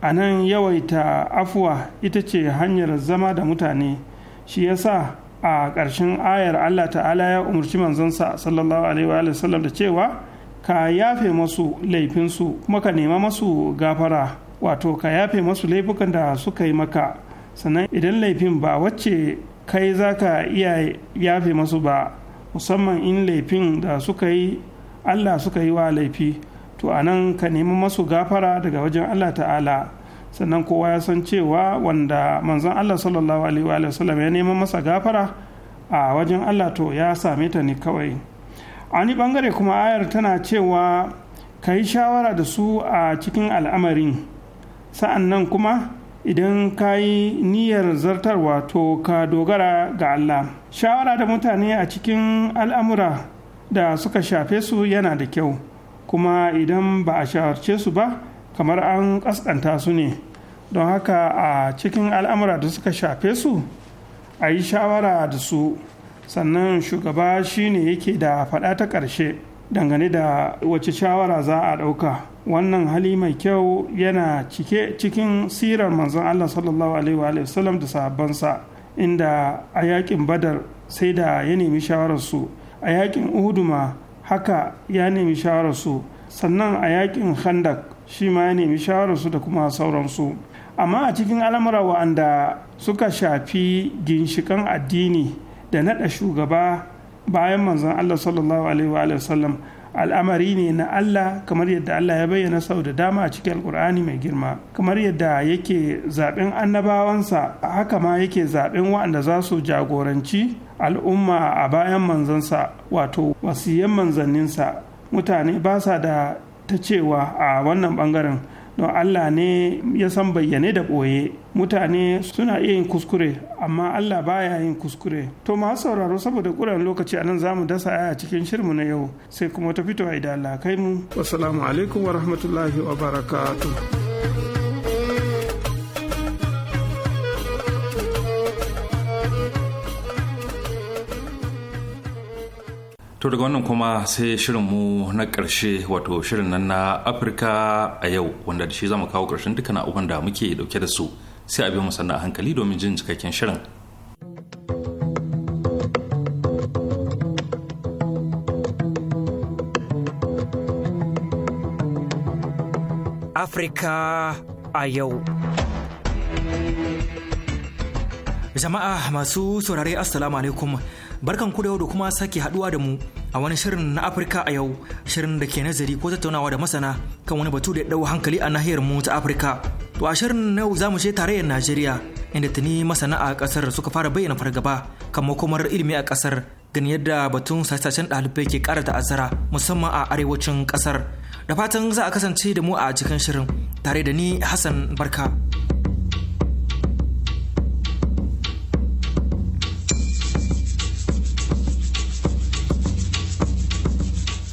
a nan yawaita afuwa ita ce hanyar zama da mutane shi ya sa a ƙarshen ayar Allah ta'ala ya umarci manzansa sallallahu alaihi wa sallam da cewa ka yafe masu laifinsu kuma ka nema masu gafara wato ka yafe masu laifukan da suka yi maka sannan idan laifin ba wacce kai za ka iya yafe masu ba musamman in laifin da suka yi Allah suka yi wa laifi to anan ka nema masu gafara daga wajen Allah ta'ala sannan kowa ya san cewa wanda manzon Allah sallallahu alaihi wa sallam ya neman masa gafara a wajen Allah to ya same ta ne kawai Ani, wani bangare kuma ayar tana cewa ka yi shawara da su a cikin al'amarin sa'an nan kuma idan ka yi niyyar zartarwa to ka dogara ga Allah shawara da mutane a cikin al'amura da suka shafe su yana da kyau kuma idan ba a shawarce su ba kamar an ƙasƙanta su ne don haka a cikin al'amura da suka shafe su a yi shawara da su sannan shugaba shi ne yake da faɗa ta ƙarshe dangane da wace shawara za a ɗauka wannan hali mai kyau yana cike cikin sirar manzon allah sallallahu alaihi wa sallam da sahabbansa inda a yakin badar sai da ya nemi shawararsu a yakin uhuduma haka ya nemi shawararsu sannan a yakin handak. shi ma ya nemi shawararsu da kuma sauransu amma a cikin al'amura wa'anda suka shafi ginshikan addini da naɗa shugaba bayan manzon Allah sallallahu alaihi wa al'amari ne na Allah kamar yadda Allah ya bayyana sau da dama a cikin alkur'ani mai girma kamar yadda yake zaɓen annabawansa haka ma yake zaɓen wa'anda za su jagoranci al'umma a bayan manzansa wato wasiyan manzanninsa mutane ba sa da ta cewa a wannan bangaren don Allah ne ya san bayyane da ɓoye mutane suna iya yin kuskure amma Allah baya yin kuskure to masu sauraro saboda ƙuran lokaci a nan zamu dasa aya cikin shirmu na yau sai kuma ta fito a idan kai mu wasu alaikum wa rahmatullahi wa barakatuh To daga wannan kuma sai mu na ƙarshe wato shirin nan na Afirka a yau wanda da shi zamu kawo ƙarshen dukkan abubuwan da muke dauke da su sai a mu sannan a hankali domin jin cikakken shirin. Afirka a yau. Jama'a masu saurare Assalamu alaikum. barkan ku da yau da kuma sake haduwa da mu a wani shirin na Afirka a yau shirin da ke nazari ko tattaunawa da masana kan wani batu da ya dau hankali a nahiyar mu ta Afirka. To a shirin na yau zamu je tarayyar Najeriya inda tuni masana a kasar suka fara bayyana fargaba kan makomar ilimi a kasar gani yadda batun sasashen dalibai ɗalibai ke ƙara ta'azzara musamman a arewacin kasar. Da fatan za a kasance da mu a cikin shirin tare da ni Hassan Barka.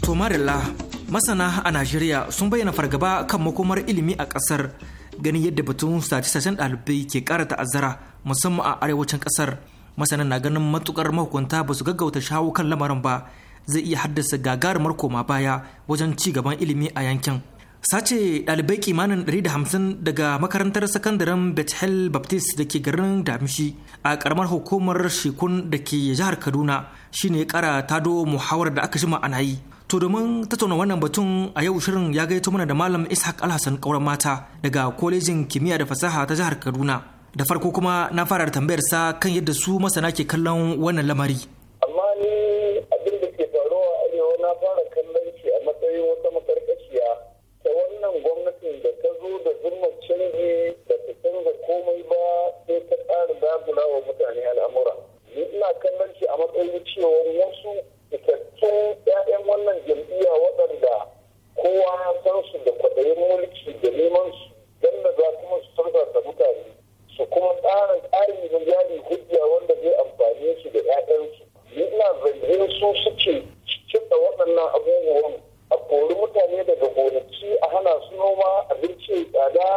To masana a Najeriya sun bayyana fargaba kan makomar ilimi a kasar. ganin yadda batun sace-sacen ɗalibai ke kara ta'azzara musamman a arewacin kasar. masana na ganin matukar mahukunta ba su gaggauta shawo kan lamarin ba zai iya haddasa gagarumar koma baya wajen ci gaban ilimi a yankin. sace ɗalibai kimanin 150 daga makarantar sakandaren bethel baptist da ke garin damishi a karamar hukumar shekun da ke jihar kaduna shine kara tado muhawar da aka jima ana yi To domin tattauna wannan batun a yau shirin ya gaito mana da Malam Ishaq Alhassan Kauran Mata daga Kwalejin Kimiyya da Fasaha ta Jihar Kaduna. Da farko kuma na fara tambayar sa kan yadda su masana ke kallon wannan lamari. Amma ni abin da ke faruwa a arewa na fara kallon shi a matsayin wata makarkashiya ta wannan gwamnatin da ta zo da zuma canji da ta canza komai ba sai ta ƙara dagula wa mutane al'amura. Ni ina kallon shi a matsayin cewa wasu cikakken 'ya'yan wannan jam'iyya waɗanda kowa ya san su da kwaɗayin mulki da neman su don da za kuma su tursasa mutane su kuma tsara tsari na jari hujja wanda zai amfani su da 'ya'yansu ni ina zargin su suke cikin waɗannan abubuwan a kori mutane daga gonaki a hana su noma abinci tsada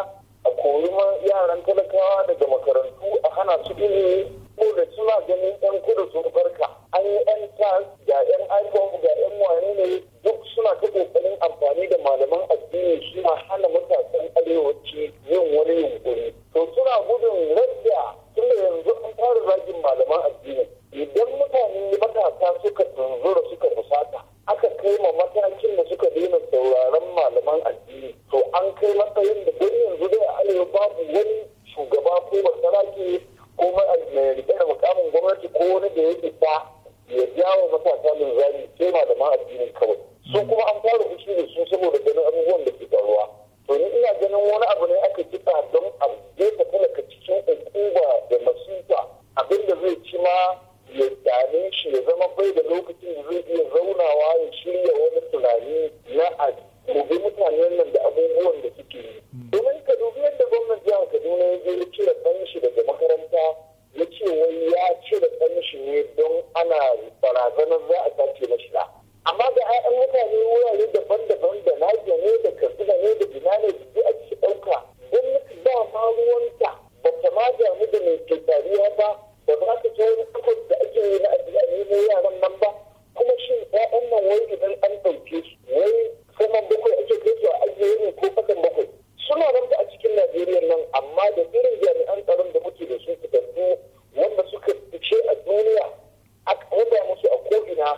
a kori yaran talakawa daga makarantu a hana su ilimi saboda suna ganin yan kudu sun farka an yi yan tas ga yan aikon ga yan wane ne duk suna ta kokarin amfani da malaman addini suna hana matasan arewaci yin wani yunkuri to suna gudun radda tun da yanzu an fara zagin malaman addini idan mutane matasa suka tunzura suka fusata aka kai ma matakin da suka daina sauraron malaman addini to an kai matsayin da don yanzu dai a arewa babu wani shugaba ko basarake ko mai rike da mukamin gwamnati ko wani da ya isa ya jawo matasa linzami sai ma addinin kawai su kuma an fara fushi da su saboda ganin abubuwan da ke faruwa to ni ina ganin wani abu ne aka kitsa don a jefa talaka cikin ukuba da masifa abinda zai ci ma ya dame shi ya zama bai da lokacin da zai iya zaunawa ya shirya wani tunani na addini gobe mutanen nan da abubuwan da suke yi hmm. domin ka dubi yadda gwamnan jihar kaduna ya je ya cire ɗan daga makaranta ya ce wai ya cire ɗan ne don ana barazanar za a sace mashi da amma ga ayan mutane wurare daban-daban da najiya ne da katsina ne da bina ne da a ake ɗauka don gwamnati ba ma ruwanta ba ta ma damu da mai ke tariya ba ba za ta kai wani da ake yi na a nemo yaran nan ba kuma shin ƴaƴan nan wai idan an ɗauke su wai kuma bakwai ake kai a ajiye ne ko fasan bakwai suna ranta a cikin najeriya nan amma da irin jami'an tsaron da muke da su fitattu wanda suka fice a duniya a kwada musu a ko'ina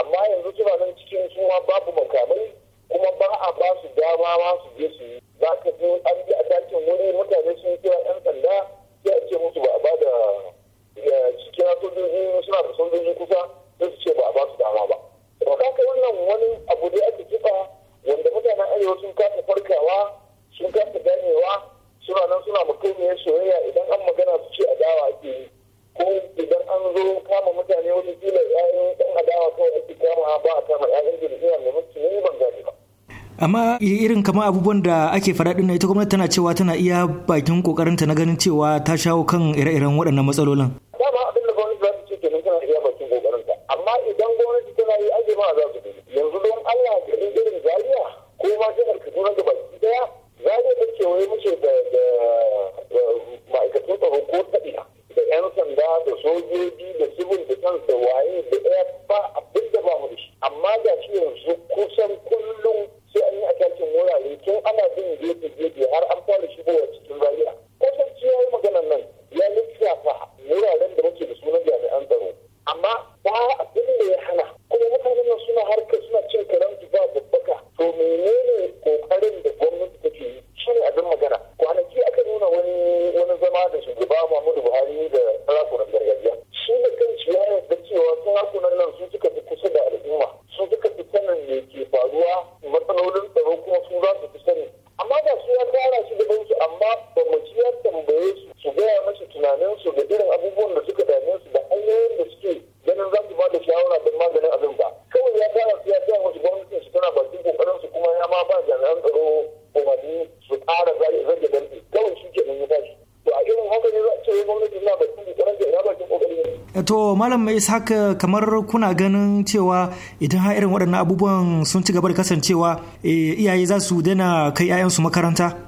amma yanzu suna nan cikin suma babu makamai kuma ba a ba su dama ma su je su yi za ka zo an bi a dakin wuri mutane sun kira yan sanda sai a ce musu ba a ba da kira sojoji suna da sojoji kusa sai su ce ba a ba su dama ba. Kuma kaka wannan wani abu ne amma irin kama abubuwan da ake faɗa na ita gwamnati tana cewa tana iya bakin kokarinta na ganin cewa ta shawo kan ire-iren waɗannan matsalolin malam mai saka kamar kuna ganin cewa idan hairin irin waɗannan abubuwan sun ci gaba da kasancewa eh, iyaye za su daina kai 'ya'yansu makaranta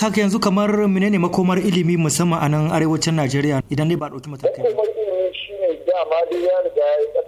haka yanzu kamar menene makomar ilimi musamman a nan arewacin najeriya idan ne ba a ɗauki matakai ilimi shi ne dama dai ya riga ya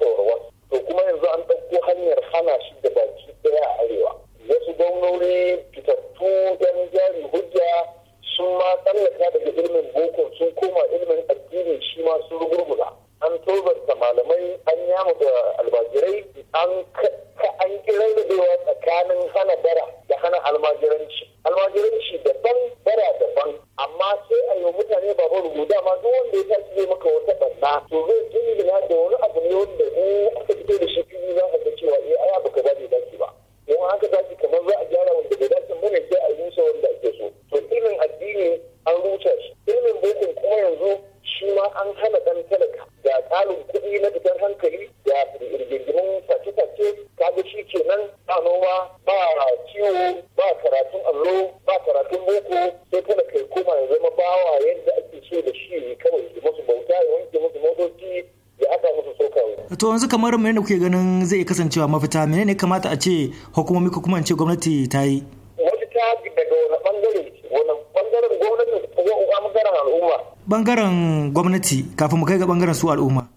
ba noma ba ciwo, ba karatun allo ba karatun boko sai kada kai koma ya zama bawa yadda ake so da shi kawai ke musu bauta ya wanke musu motoci ya aka musu sokawa. to yanzu kamar menene kuke ganin zai kasancewa mafita menene kamata a ce hukumomi ko kuma ce gwamnati ta yi. mafita daga wani bangare wani bangaren gwamnati ko bangaren al'umma. bangaren gwamnati kafin mu kai ga bangaren su al'umma.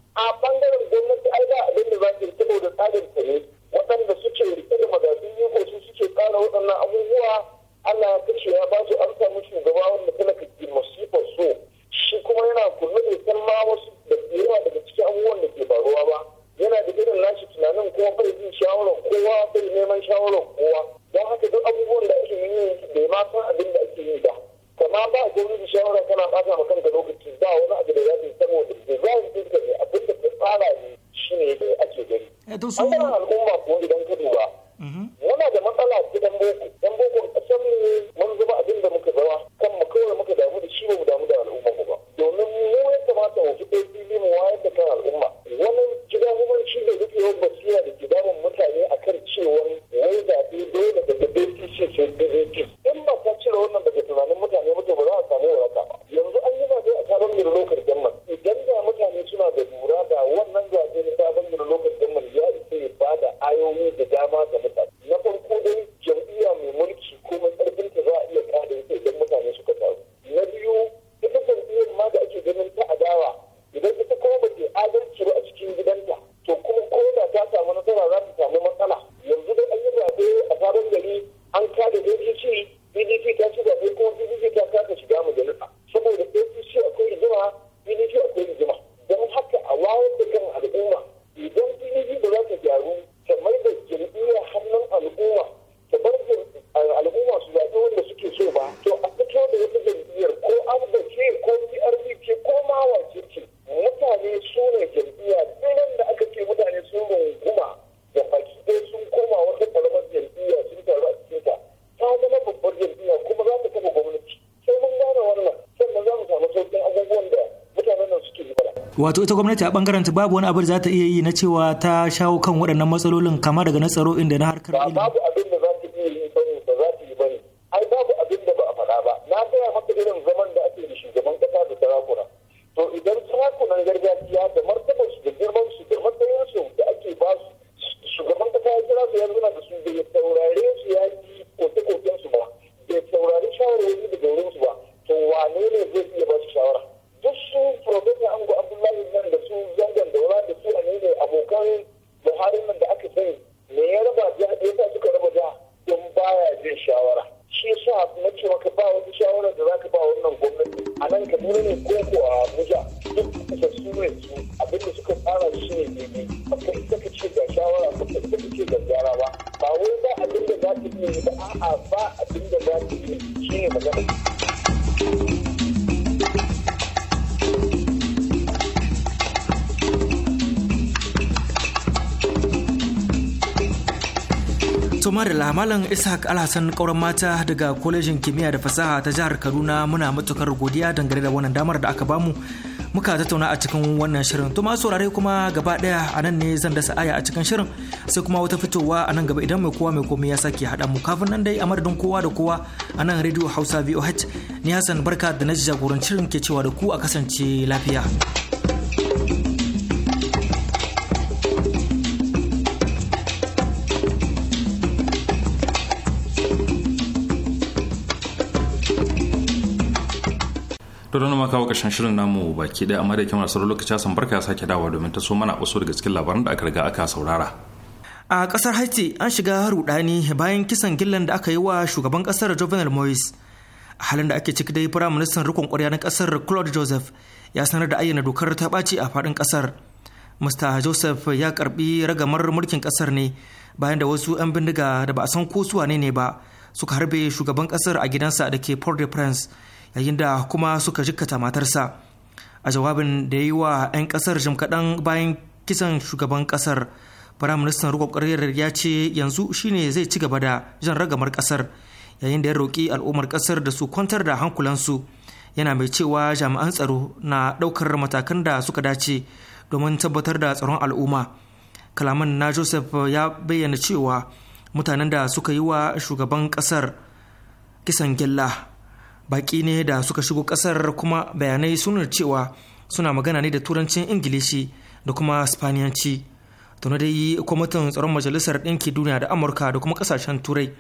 wato ita gwamnati a bangaren ta babu wani abu da za ta iya yi na cewa ta shawo kan waɗannan matsalolin kama daga na tsaro inda na harkar ilimi Malam Ishaq Alhassan kauran mata daga kwalejin kimiyya da fasaha ta jihar Kaduna muna matukar godiya dangane da wannan damar da aka bamu. Muka tattauna a cikin wannan shirin. To masu saurare kuma gaba ɗaya a nan ne zan dasa aya a cikin shirin sai kuma wata fitowa a nan gaba idan mai kowa mai komai ya sake haɗa mu kafin nan dai a madadin kowa da kowa a nan rediyo Hausa VOH ni Hassan barka da na jagorancin ke cewa da ku a kasance lafiya. to don ma kawo shirin namu baki daya amma da kyan wasu lokaci san barka ya sake dawa domin ta so mana wasu daga cikin labaran da aka riga aka saurara a kasar haiti an shiga rudani bayan kisan gillan da aka yi wa shugaban kasar jovenel moise a halin da ake ciki dai firayim ministan rikon kwarya na kasar claude joseph ya sanar da ayyana dokar ta ɓaci a faɗin kasar mr joseph ya karbi ragamar mulkin kasar ne bayan da wasu 'yan bindiga da ba a san ko su ne ba suka harbe shugaban kasar a gidansa da ke port de prince yayin da kuma suka jikkata matarsa a jawabin da ya yi wa 'yan kasar jim kaɗan bayan kisan shugaban kasar firaministan rukun ƙaryar ya ce yanzu shine zai ci gaba da jan ragamar kasar yayin da ya roƙi al'ummar kasar da su kwantar da hankulansu yana mai cewa jami'an tsaro na ɗaukar matakan da suka dace domin tabbatar da tsaron al'umma kalaman na joseph ya bayyana cewa mutanen da suka yi wa shugaban kasar kisan gilla baki ne da suka shigo kasar kuma bayanai sunar cewa suna magana ne da turancin ingilishi da kuma spaniyanci tuna dai kwamitin tsaron majalisar ɗinki duniya da amurka da kuma kasashen turai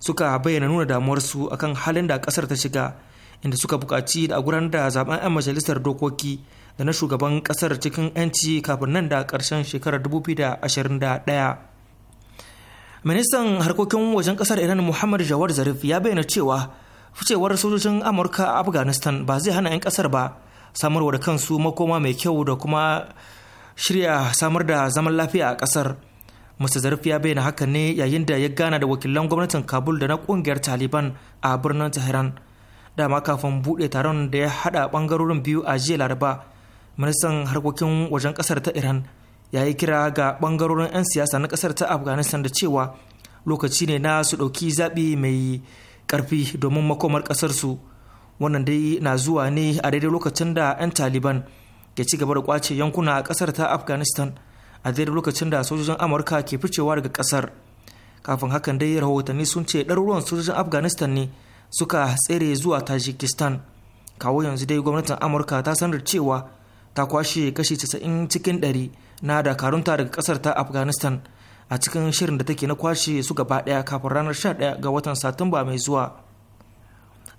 suka bayyana nuna damuwarsu akan halin da kasar ta shiga inda suka bukaci da a gudanar da zaben 'yan majalisar dokoki da na shugaban kasar cikin 'yanci kafin nan da karshen shekarar da 2021 ministan harkokin wajen ƙasar iran muhammad jawar zarif ya bayyana cewa ficewar sojojin amurka a afghanistan ba zai hana 'yan kasar ba samarwa da kansu makoma mai kyau da kuma shirya samar da zaman lafiya a kasar mr zarfi ya bayyana hakan ne yayin da ya gana da wakilan gwamnatin kabul da na kungiyar taliban a birnin tehran dama kafin buɗe taron da ya haɗa bangarorin biyu a jiya laraba ministan harkokin wajen kasar ta iran ya yi kira ga bangarorin 'yan siyasa na kasar ta afghanistan da cewa lokaci ne na su ɗauki zaɓi mai karfi domin makomar kasarsu wannan dai na zuwa ne a daidai lokacin da 'yan taliban ke ci gaba da kwace yankuna a kasar ta afghanistan a daidai lokacin da sojojin amurka ke ficewa daga kasar kafin hakan dai rahotanni sun ce ɗaruruwan sojojin afghanistan ne suka tsere zuwa tajikistan kawo yanzu dai gwamnatin amurka ta sanar cewa ta kwashe kashi 90 cikin 100 na dakarunta daga kasar ta afghanistan a cikin shirin da take na kwashe su gaba ɗaya kafin ranar 11 ga watan satumba mai zuwa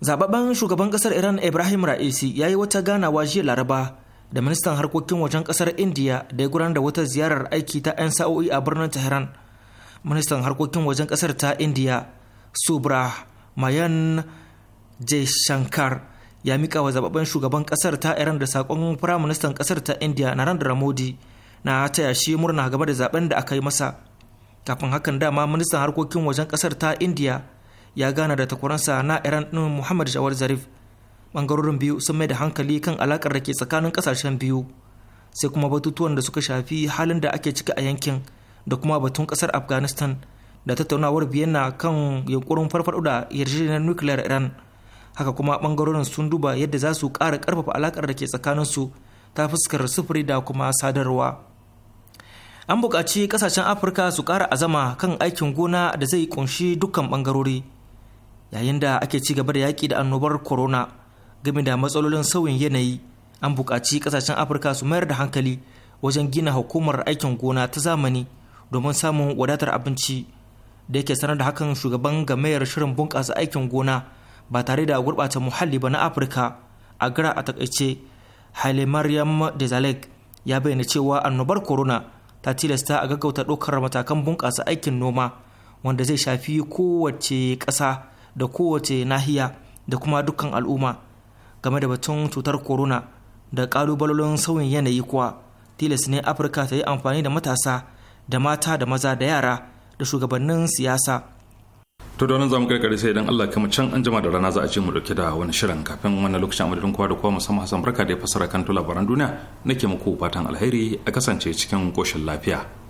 zababben shugaban kasar iran ibrahim ra'isi ya yi wata ganawa jiya laraba da ministan harkokin wajen kasar indiya da ya gudanar da wata ziyarar aiki ta 'yan sa'o'i a birnin tehran ministan harkokin wajen kasar ta indiya subra mayan shankar ya mika wa zababben shugaban kasar ta iran da sakon firaministan kasar ta india narendra modi na taya shi murna game da zaben da aka yi masa kafin hakan dama ministan harkokin wajen kasar ta indiya ya gana da takwaransa na iran din muhammad jawar zarif bangarorin biyu sun mai da hankali kan alakar da ke tsakanin kasashen biyu sai kuma batutuwan da suka shafi halin da ake ciki a yankin da kuma batun kasar afghanistan da tattaunawar vienna kan yunkurin farfaɗo da yarjejeniyar nukiliyar iran haka kuma bangarorin sun duba yadda za su ƙara ƙarfafa alakar da ke su ta fuskar sufuri da kuma sadarwa an buƙaci ƙasashen afirka su ƙara azama kan aikin gona da zai kunshi dukkan ɓangarori yayin da ake ci gaba da yaƙi da annobar corona game da matsalolin sauyin yanayi an buƙaci ƙasashen afirka su mayar da hankali wajen gina hukumar aikin gona ta zamani domin samun wadatar abinci da yake sanar da hakan shugaban gamayar shirin bunƙasa aikin gona ba tare da gurɓata muhalli ba na afirka a gara a takaice haile mariam dezaleg ya bayyana cewa annobar corona ta tilasta a gaggauta ɗaukar matakan bunƙasa aikin noma wanda zai shafi kowace ƙasa da kowace nahiya da kuma dukkan al'umma game da batun cutar corona da ƙalubalolin sauyin yanayi kuwa tilas ne afirka ta yi amfani da matasa da mata da maza da yara da shugabannin siyasa to da zamu karkare sai idan Allah kuma can an jima da rana za a ce mu dauke da wani shirin kafin wannan lokacin amadadin kowa da kowa musamman Hassan Barka da ya fassara kan labaran duniya nake muku fatan alheri a kasance cikin koshin lafiya